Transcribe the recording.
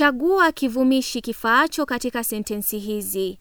Chagua kivumishi kifaacho katika sentensi hizi.